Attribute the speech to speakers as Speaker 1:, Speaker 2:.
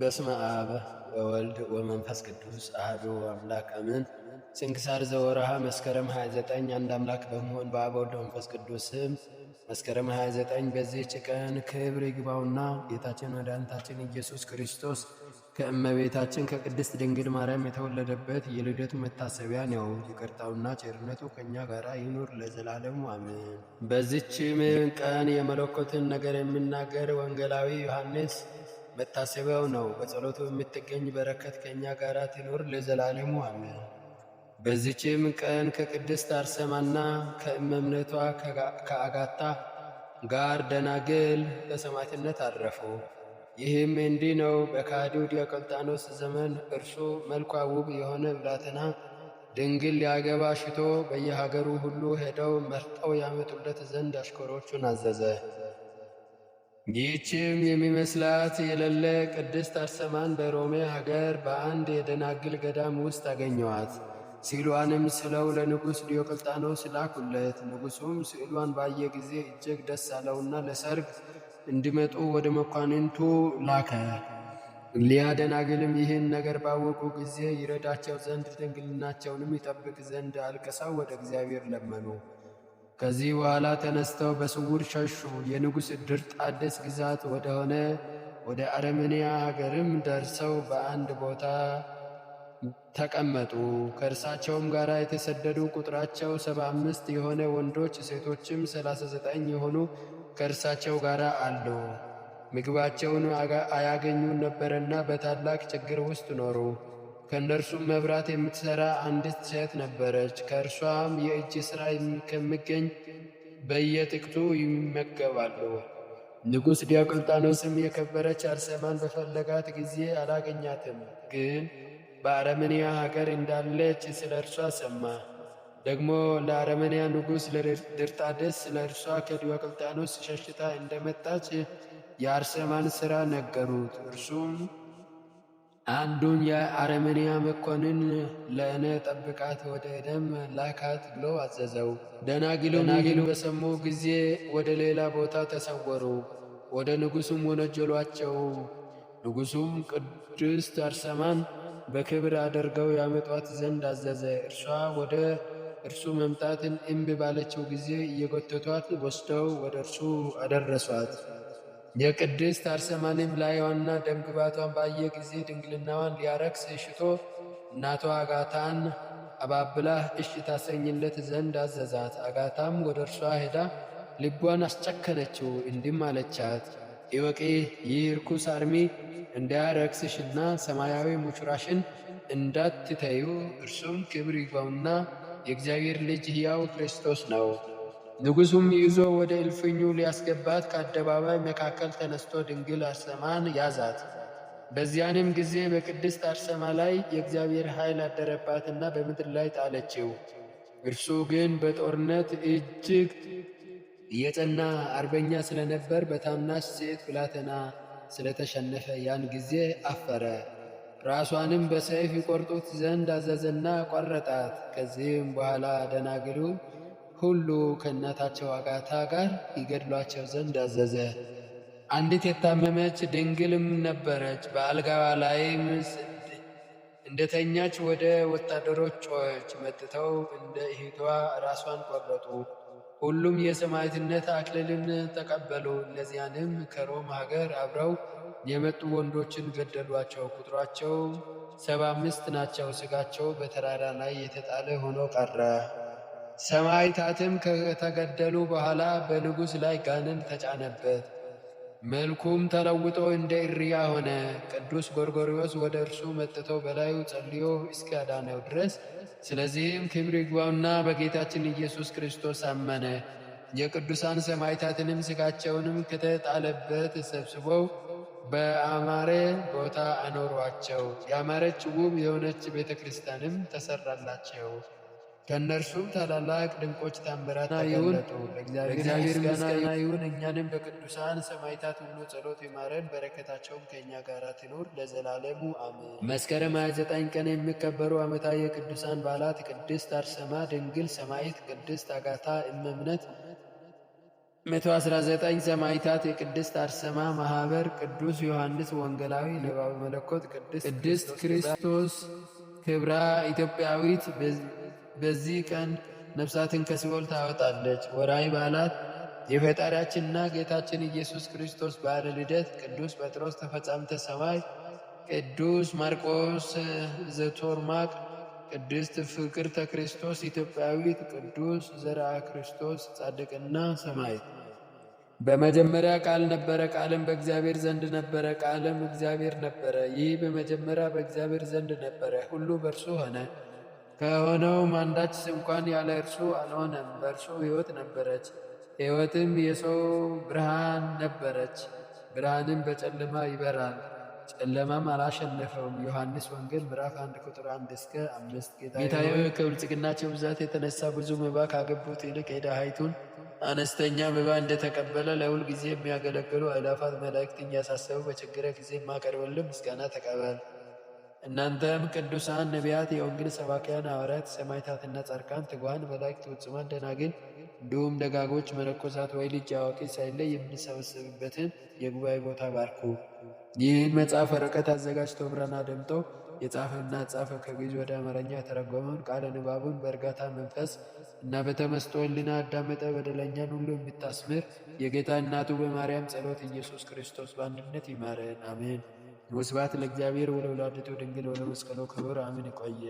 Speaker 1: በስመ አብ ወወልድ ወመንፈስ ቅዱስ አሐዱ አምላክ አሜን። ስንክሳር ዘወርሃ መስከረም 29 አንድ አምላክ በመሆን በአብ ወልድ መንፈስ ቅዱስ ስም መስከረም 29 በዚህች ቀን ክብር ይግባውና ጌታችን መድኃኒታችን ኢየሱስ ክርስቶስ ከእመቤታችን ከቅድስት ድንግል ማርያም የተወለደበት የልደቱ መታሰቢያ ነው። ይቅርታውና ቸርነቱ ከእኛ ጋር ይኑር ለዘላለሙ አሜን። በዚችም ቀን የመለኮትን ነገር የሚናገር ወንጌላዊ ዮሐንስ መታሰቢያው ነው። በጸሎቱ የምትገኝ በረከት ከእኛ ጋር ትኖር ለዘላለሙ አሜን። በዚችም ቀን ከቅድስት አርሴማና ከእመምነቷ ከአጋታ ጋር ደናግል በሰማዕትነት አረፉ። ይህም እንዲህ ነው። በካዲው ዲዮቅልጥያኖስ ዘመን እርሱ መልኳ ውብ የሆነ ብላቴና ድንግል ሊያገባ ሽቶ በየሀገሩ ሁሉ ሄደው መርጠው ያመጡለት ዘንድ አሽከሮቹን አዘዘ። ይህችም የሚመስላት የሌለ ቅድስት አርሴማን በሮሜ ሀገር በአንድ የደናግል ገዳም ውስጥ አገኘዋት። ስዕሏንም ስለው ለንጉሥ ዲዮቅልጣኖስ ላኩለት። ንጉሡም ስዕሏን ባየ ጊዜ እጅግ ደስ አለውና ለሰርግ እንዲመጡ ወደ መኳንንቱ ላከ። ሊያደናግልም ይህን ነገር ባወቁ ጊዜ ይረዳቸው ዘንድ ድንግልናቸውንም ይጠብቅ ዘንድ አልቅሰው ወደ እግዚአብሔር ለመኑ። ከዚህ በኋላ ተነስተው በስውር ሸሹ። የንጉሥ ድርጣድስ ግዛት ወደሆነ ወደ አረመንያ አገርም ደርሰው በአንድ ቦታ ተቀመጡ። ከእርሳቸውም ጋር የተሰደዱ ቁጥራቸው ሰባ አምስት የሆነ ወንዶች ሴቶችም ሰላሳ ዘጠኝ የሆኑ ከእርሳቸው ጋር አሉ። ምግባቸውን አያገኙ ነበረና በታላቅ ችግር ውስጥ ኖሩ። ከእነርሱም መብራት የምትሠራ አንዲት ሴት ነበረች። ከእርሷም የእጅ ሥራ ከሚገኝ በየጥቂቱ ይመገባሉ። ንጉሥ ዲዮቅልጥያኖስም የከበረች አርሴማን በፈለጋት ጊዜ አላገኛትም፣ ግን በአረመንያ ሀገር እንዳለች ስለ እርሷ ሰማ። ደግሞ ለአረመንያ ንጉሥ ለድርጣደስ ስለ እርሷ ከዲዮቅልጥያኖስ ሸሽታ እንደመጣች የአርሴማን ሥራ ነገሩት። እርሱም አንዱን የአረመንያ መኮንን ለእነ ጠብቃት ወደ ደም ላካት ብሎ አዘዘው። ደናግሉን ይህን በሰሙ ጊዜ ወደ ሌላ ቦታ ተሰወሩ። ወደ ንጉሱም ወነጀሏቸው። ንጉሱም ቅድስት አርሴማን በክብር አድርገው ያመጧት ዘንድ አዘዘ። እርሷ ወደ እርሱ መምጣትን እምቢ ባለችው ጊዜ እየጎተቷት ወስደው ወደ እርሱ አደረሷት። የቅድስት አርሴማንም ላይዋና ግባቷን ባየ ጊዜ ድንግልናዋን ሊያረክስ ሽቶ እናቷ አጋታን አባብላ እሽ ታሰኝለት ዘንድ አዘዛት። አጋታም ወደ እርሷ ሄዳ ልቧን አስጨከነችው፣ እንዲም አለቻት፦ እወቂ ይህ ርኩስ አርሚ እንዳያረክስሽና ሰማያዊ ሙሽራሽን እንዳትተዩ፣ እርሱም ክብር ይግባውና የእግዚአብሔር ልጅ ሕያው ክርስቶስ ነው። ንጉሱም ይዞ ወደ እልፍኙ ሊያስገባት ከአደባባይ መካከል ተነስቶ ድንግል አርሴማን ያዛት። በዚያንም ጊዜ በቅድስት አርሴማ ላይ የእግዚአብሔር ኃይል አደረባትና በምድር ላይ ጣለችው። እርሱ ግን በጦርነት እጅግ የጸና አርበኛ ስለነበር በታናሽ ሴት ብላቴና ስለተሸነፈ ያን ጊዜ አፈረ። ራሷንም በሰይፍ ይቆርጡት ዘንድ አዘዘና ቆረጣት። ከዚህም በኋላ ደናግሉ ሁሉ ከእናታቸው አጋታ ጋር ይገድሏቸው ዘንድ አዘዘ። አንዲት የታመመች ድንግልም ነበረች። በአልጋዋ ላይም እንደተኛች ወደ ወታደሮች ጮኸች። መጥተው እንደ እህቷ ራሷን ቆረጡ። ሁሉም የሰማዕትነት አክሊልን ተቀበሉ። እነዚያንም ከሮም ሀገር አብረው የመጡ ወንዶችን ገደሏቸው። ቁጥሯቸው ሰባ አምስት ናቸው። ስጋቸው በተራራ ላይ የተጣለ ሆኖ ቀረ። ሰማዕታትም ከተገደሉ በኋላ በንጉሥ ላይ ጋንን ተጫነበት። መልኩም ተለውጦ እንደ እርያ ሆነ። ቅዱስ ጎርጎሪዎስ ወደ እርሱ መጥቶ በላዩ ጸልዮ እስኪያዳነው ድረስ። ስለዚህም ክብር ይግባውና በጌታችን ኢየሱስ ክርስቶስ አመነ። የቅዱሳን ሰማዕታትንም ሥጋቸውንም ከተጣለበት ሰብስበው በአማረ ቦታ አኖሯቸው። ያማረች ውብ የሆነች ቤተ ክርስቲያንም ተሰራላቸው። ከእነርሱም ታላላቅ ድንቆች ተአምራት ተገለጡ። ለእግዚአብሔር ምስጋና ይሁን። እኛንም በቅዱሳን ሰማዕታት ሁሉ ጸሎት ይማረን፣ በረከታቸውም ከእኛ ጋር ትኖር ለዘላለሙ አሜን። መስከረም 29 ቀን የሚከበሩ ዓመታዊ የቅዱሳን በዓላት ቅድስት አርሴማ ድንግል ሰማዕት፣ ቅድስት አጋታ እመ እምነት 119 ሰማዕታት፣ የቅድስት አርሴማ ማህበር ቅዱስ ዮሐንስ ወንጌላዊ ንባብ መለኮት፣ ቅድስት ክርስቶስ ክብራ ኢትዮጵያዊት በዚህ ቀን ነፍሳትን ከሲኦል ታወጣለች። ወርሃዊ በዓላት የፈጣሪያችንና ጌታችን ኢየሱስ ክርስቶስ በዓለ ልደት፣ ቅዱስ ጴጥሮስ ተፈጻምተ ሰማይ፣ ቅዱስ ማርቆስ ዘቶርማቅ፣ ቅድስት ፍቅርተ ክርስቶስ ኢትዮጵያዊት፣ ቅዱስ ዘርአ ክርስቶስ ጻድቅና ሰማይ በመጀመሪያ ቃል ነበረ፣ ቃልም በእግዚአብሔር ዘንድ ነበረ፣ ቃልም እግዚአብሔር ነበረ። ይህ በመጀመሪያ በእግዚአብሔር ዘንድ ነበረ። ሁሉ በእርሱ ሆነ ከሆነውም አንዳች እንኳን ያለ እርሱ አልሆነም። በእርሱ ሕይወት ነበረች፣ ሕይወትም የሰው ብርሃን ነበረች። ብርሃንም በጨለማ ይበራል፣ ጨለማም አላሸነፈውም። ዮሐንስ ወንጌል ምዕራፍ 1 ቁጥር 1 እስከ 5። ጌታዬ ሆይ ከብልጽግናቸው ብዛት የተነሳ ብዙ መባ ካገቡት ይልቅ የድሃይቱን አነስተኛ መባ እንደተቀበለ ለሁል ጊዜ የሚያገለግሉ አእላፋት መላእክት እያሳሰቡ በችግረ ጊዜ የማቀርበልን ምስጋና ተቀበል። እናንተም ቅዱሳን ነቢያት፣ የወንጌል ሰባኪያን ሐዋርያት፣ ሰማዕታትና ጻድቃን፣ ትጉሃን መላእክት፣ ፍጹማን ደናግል እንዲሁም ደጋጎች መነኮሳት ወይ ልጅ አዋቂ ሳይለይ የምንሰበሰብበትን የጉባኤ ቦታ ባርኩ። ይህን መጽሐፍ ወረቀት አዘጋጅቶ ብራና ደምጦ የጻፈና ጻፈ ከግዕዝ ወደ አማርኛ የተረጎመውን ቃለ ንባቡን በእርጋታ መንፈስ እና በተመስጦ ሕሊና አዳመጠ። በደለኛን ሁሉ የምታስምር የጌታ እናቱ በማርያም ጸሎት ኢየሱስ ክርስቶስ በአንድነት ይማረን፣ አሜን። ወስብሐት ለእግዚአብሔር ወለወላዲቱ ድንግል ወለመስቀሉ ክቡር። አሜን። ይቆየ